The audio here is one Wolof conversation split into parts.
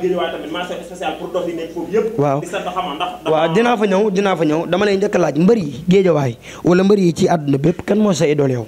Guédiawaye tamit mention waaw waaw dinaa fa ñëw dinaa fa ñëw dama lay njëkk laaj mbër yi Guédiawaye wala mbër yi ci àdduna bépp kan moo sa idole yow.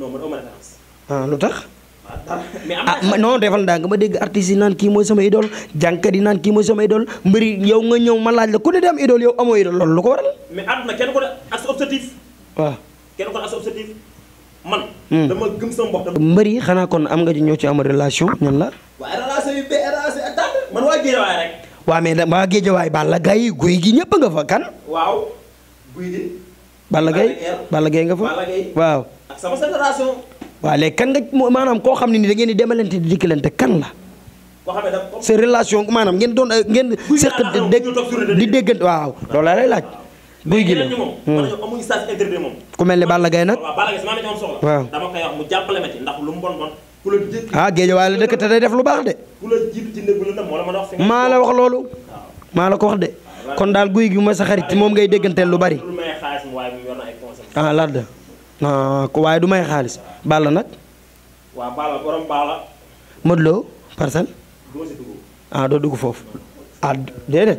non man ma référence. Ah, lu tax. ah, ah non defal ndaa nga ma dégg artistes yi naan kii mooy sama idole jànkat yi naan kii mooy sama idole mbëri yow nga ñëw ma laaj la ku ne di am idole yow amoo idole loolu lu ko waral. mais àdduna kenn sa objectif. waaw kenn ko ne ak sa objectif man. Hmm. mbëri xanaa kon am nga ñoo ci am relation ñan la. man waa Géejawaay rek. waaw mais nag waa Géejawaay Balla guy gi ñëpp nga fa kan. waaw guy gi. Balla Gaye Balla Gaye nga fa waaw. ak sama kan nga maanaam koo xam ne ni da ngeen di demalante di dikkalante kan la. sa relation maanaam ngeen doon eh, ngeen. seq di déggante waaw loolu laa lay laaj. guy gi la hmm. ku mel ne Balla Gaye nag. waaw dama koy lu ku la jiitu ah, la dëkk te def lu baax de. maa la wax loolu. maa la ko wax de. kon daal guy gi mooy sa xarit moom ngay dégganteel lu bari. ah larda ah, ko waaye du may xaalis Balla nag. waaw Balla ah, doo dugg foofu ah déedéet.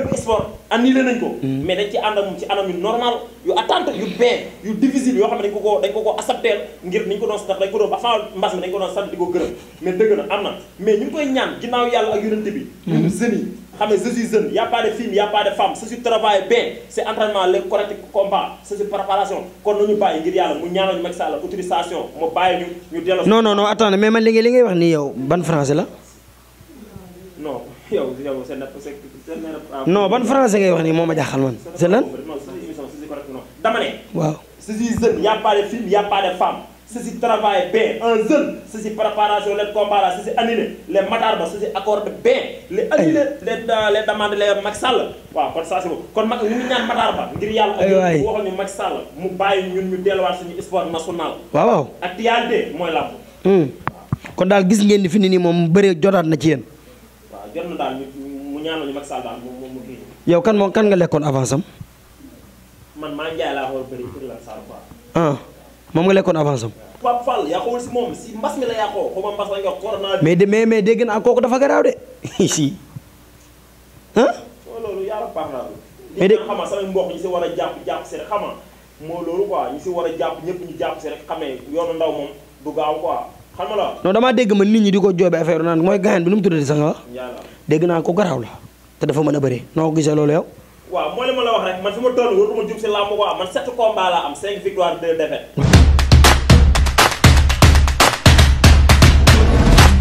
bépp sport annulé nañ ko. Mm. mais dañ ci ànd ak normal yu attente yu bien yu difficile yoo xam ne dañ ko koo dañ ko koo accepté ngir niñ ko doon sax dañ ko doon ba mbas mi dañ ko doon sant di ko gërëm mais dëgg na am na mais ñu koy ñaan ginnaaw yàlla ak yonent bi. ñun mm-hmm. jeunes yi xam ne je suis jeune y' a pas de film y' a pas de femme je suis travail bien c' est entraînement correct combat c' est préparation kon nañu bàyyi ngir yàlla mu ñaanal ñu Macky non yow yow seen napp seen napp. non ban français ngay wax nii moom a jaaxal man. c'est lan dama ne. waaw ceci jeune y a pas de film y a pas de femme. ceci travail bien un jeune ceci préparation les combats là ceci annulé les Matar Ba ceci accord bien. les annulé les euh, les demandes les Macky Sall. waaw kon saa si boobu kon mag ñu ñaan Matar Ba. ngir yàlla ak waxal ñu Macky Sall mu bàyyi ñun ñu delluwaat suñu sport national. waaw waaw actualité mooy làmb. Hmm. kon daal gis ngeen fi jot na daal mu ñaanal ñu Macky Sall daal kan moom kan nga lekkoon avance am. man maa njaay laa xool bëri bëri lan Sall quoi. ah moom nga lekkoon avance am. Pape Fall yaa xawul si moom mi la yaa xoo xaw ma mbas la nga corona. mais de mais mais dégg naa kooku dafa garaaw de. ah. loolu yàlla baax naa ko. mais de xam nga sama si war a jàpp jàpp si rek xam nga moo loolu quoi ñu si war a jàpp ñëpp ñu jàpp si rek xamee yoonu ndaw moom du gaaw quoi. non damaa dégg ma nit ñi di ko joobe affaire naan mooy gaañan bi nu mu tuddati sax nga dégg naa ko garaaw la te dafa mën a bëri noo ko gisee loolu yow waaw mooy li ma la wax rek man fi ma toll waruma jug si làmb ko am man sept combats laa am cinq victoires deux défaites